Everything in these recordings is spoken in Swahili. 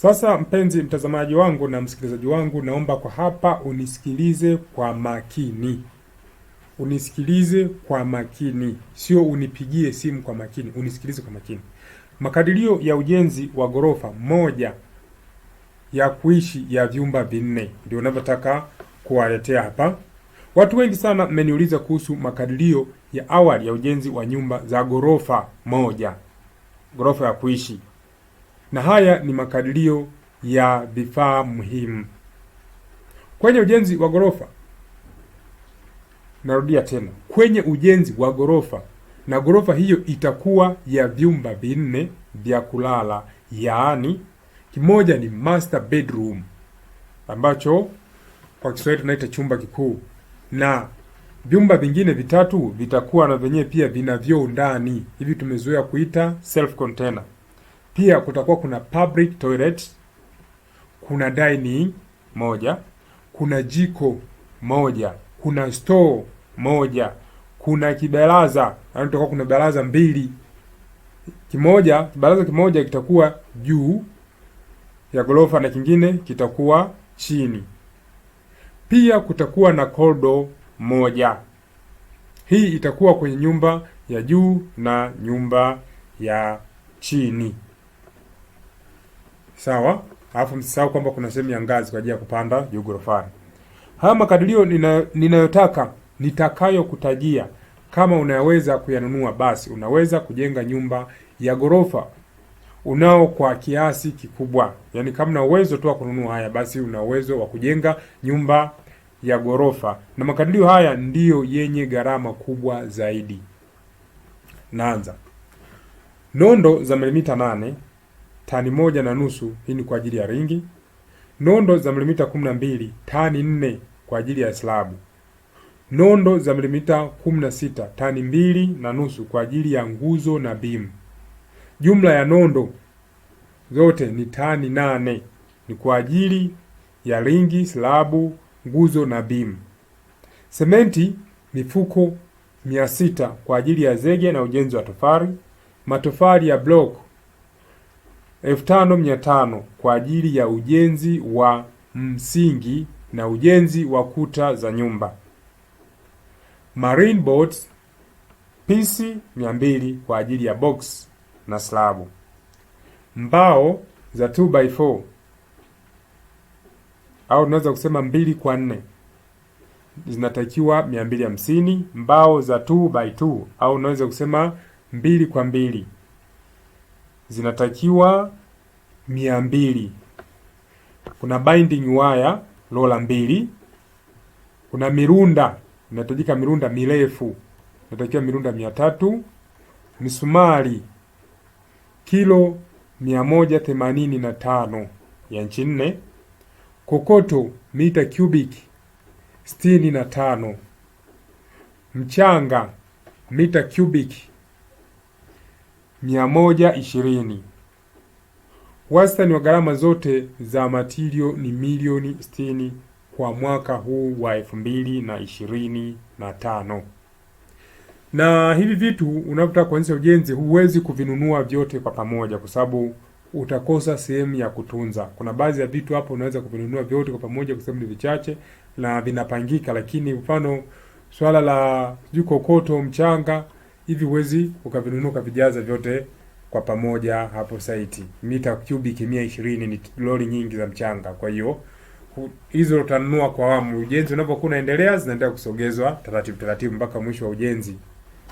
Sasa mpenzi mtazamaji wangu na msikilizaji wangu, naomba kwa hapa unisikilize kwa makini, unisikilize kwa makini, sio unipigie simu kwa makini, unisikilize kwa makini. Makadirio ya ujenzi wa ghorofa moja ya kuishi ya vyumba vinne ndio unavyotaka kuwaletea hapa. Watu wengi sana mmeniuliza kuhusu makadirio ya awali ya ujenzi wa nyumba za ghorofa moja, ghorofa ya kuishi na haya ni makadirio ya vifaa muhimu kwenye ujenzi wa ghorofa. Narudia tena, kwenye ujenzi wa ghorofa, na ghorofa hiyo itakuwa ya vyumba vinne vya kulala, yaani kimoja ni master bedroom ambacho kwa Kiswahili tunaita chumba kikuu, na vyumba vingine vitatu vitakuwa na vyenyewe pia vina vyoo ndani, hivi tumezoea kuita self container. Pia kutakuwa kuna public toilet, kuna dining moja, kuna jiko moja, kuna store moja, kuna kibaraza, yaani tutakuwa kuna baraza mbili. Kimoja, kibaraza kimoja kitakuwa juu ya ghorofa na kingine kitakuwa chini. Pia kutakuwa na kodo moja. Hii itakuwa kwenye nyumba ya juu na nyumba ya chini. Sawa? Alafu msisahau kwamba kuna sehemu ya ngazi kwa ajili ya kupanda juu ghorofani. Haya makadirio nina, ninayotaka nitakayokutajia kama unaweza kuyanunua basi unaweza kujenga nyumba ya ghorofa unao kwa kiasi kikubwa. Yaani kama una uwezo tu wa kununua haya basi una uwezo wa kujenga nyumba ya ghorofa. Na makadirio haya ndiyo yenye gharama kubwa zaidi. Naanza. Nondo za milimita nane tani moja na nusu. Hii ni kwa ajili ya ringi. Nondo za milimita 12 tani nne kwa ajili ya slabu. Nondo za milimita 16 tani mbili na nusu kwa ajili ya nguzo na bimu. Jumla ya nondo zote ni tani nane ni kwa ajili ya ringi, slabu, nguzo na bimu. Sementi mifuko mia sita kwa ajili ya zege na ujenzi wa tofali. Matofali ya block 1500 kwa ajili ya ujenzi wa msingi na ujenzi wa kuta za nyumba. Marine boards PC 200 kwa ajili ya box na slabu. Mbao za 2 by 4 au tunaweza kusema mbili kwa nne zinatakiwa 250. Mbao za 2 by 2 au unaweza kusema mbili kwa mbili zinatakiwa mia mbili. Kuna binding wire lola mbili, kuna mirunda inahitajika mirunda mirefu inatakiwa mirunda mia tatu, misumari kilo mia moja themanini na tano ya nchi nne, kokoto mita cubic sitini na tano, mchanga mita cubic 120. Wastani wa gharama zote za matirio ni milioni 60 kwa mwaka huu wa 2025. Na hivi vitu unavyotaka kuanzisha ujenzi huwezi kuvinunua vyote kwa pamoja, kwa sababu utakosa sehemu ya kutunza. Kuna baadhi ya vitu hapo unaweza kuvinunua vyote kwa pamoja, kwa sababu ni vichache na vinapangika, lakini mfano swala la juu kokoto, mchanga hivi huwezi ukavinunua ukavijaza vyote kwa pamoja hapo site. Mita cubic mia ishirini ni lori nyingi za mchanga, kwa hiyo hizo utanunua kwa awamu. Ujenzi unapokuwa unaendelea, zinaendelea kusogezwa taratibu taratibu mpaka mwisho wa ujenzi.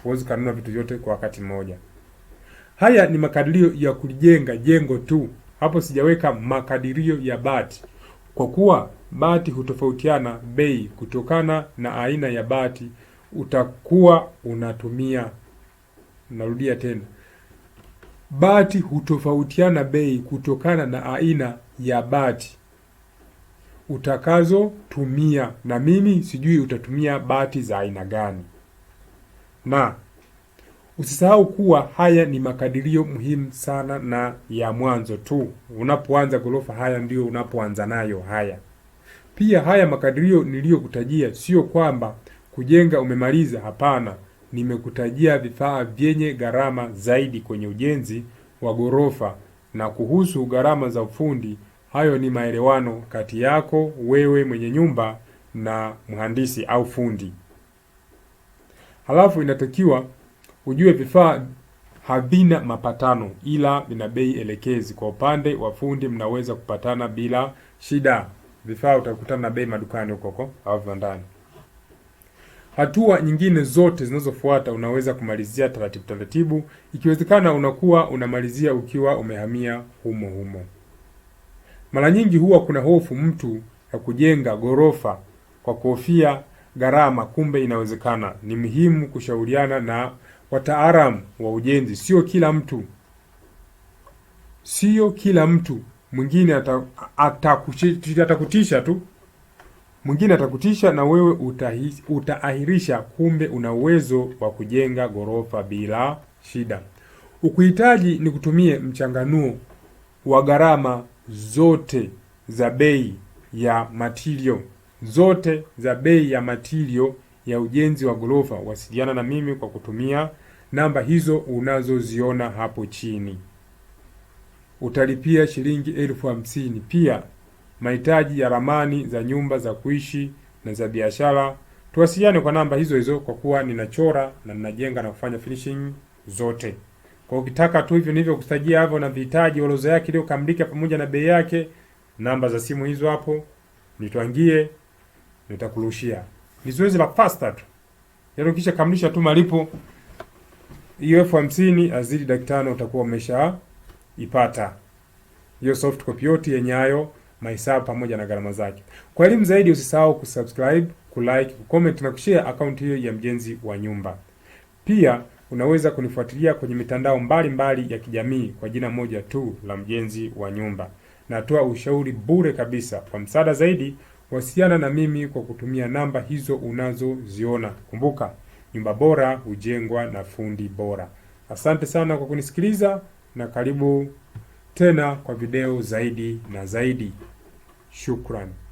Huwezi ukanunua vitu vyote kwa wakati mmoja. Haya ni makadirio ya kujenga jengo tu, hapo sijaweka makadirio ya bati, kwa kuwa bati hutofautiana bei kutokana na aina ya bati utakuwa unatumia Narudia tena, bati hutofautiana bei kutokana na aina ya bati utakazotumia, na mimi sijui utatumia bati za aina gani. Na usisahau kuwa haya ni makadirio muhimu sana na ya mwanzo tu. Unapoanza ghorofa, haya ndio unapoanza nayo haya. Pia haya makadirio niliyokutajia sio kwamba kujenga umemaliza, hapana nimekutajia vifaa vyenye gharama zaidi kwenye ujenzi wa ghorofa, na kuhusu gharama za ufundi, hayo ni maelewano kati yako wewe mwenye nyumba na mhandisi au fundi. Halafu inatakiwa ujue vifaa havina mapatano ila vina bei elekezi. Kwa upande wa fundi, mnaweza kupatana bila shida. Vifaa utakutana na bei madukani huko huko au viwandani. Hatua nyingine zote zinazofuata unaweza kumalizia taratibu taratibu, ikiwezekana unakuwa unamalizia ukiwa umehamia humo humo. Mara nyingi huwa kuna hofu mtu ya kujenga ghorofa kwa kuhofia gharama, kumbe inawezekana. Ni muhimu kushauriana na wataalamu wa ujenzi. Sio kila mtu, sio kila mtu mwingine atakutisha ata tu mwingine atakutisha na wewe utahis, utaahirisha. Kumbe una uwezo wa kujenga ghorofa bila shida. Ukuhitaji ni kutumie mchanganuo wa gharama zote za bei ya matirio zote za bei ya matirio ya ujenzi wa ghorofa. Wasiliana na mimi kwa kutumia namba hizo unazoziona hapo chini. Utalipia shilingi elfu hamsini pia mahitaji ya ramani za nyumba za kuishi na za biashara, tuwasiliane kwa namba hizo hizo, kwa kuwa ninachora na ninajenga na kufanya finishing zote. Kwa ukitaka tu hivyo nivyo nilivyokutajia hapo na vihitaji, orodha yake iliyokamilika pamoja na bei yake, namba za simu hizo hapo, nitwangie, nitakurushia. Ni zoezi la pasta tu, yaani ukisha kamilisha tu malipo hiyo elfu hamsini azidi dakika tano utakuwa umesha ipata hiyo soft copy yote yenye hayo mahesabu pamoja na gharama zake. Kwa elimu zaidi, usisahau kusubscribe, kulike, kucomment na kushare akaunti hiyo ya Mjenzi wa Nyumba. Pia unaweza kunifuatilia kwenye mitandao mbalimbali mbali ya kijamii kwa jina moja tu la Mjenzi wa Nyumba. Natoa ushauri bure kabisa. Kwa msaada zaidi, wasiliana na mimi kwa kutumia namba hizo unazoziona. Kumbuka, nyumba bora hujengwa na fundi bora. Asante sana kwa kunisikiliza na karibu tena kwa video zaidi na zaidi. Shukran.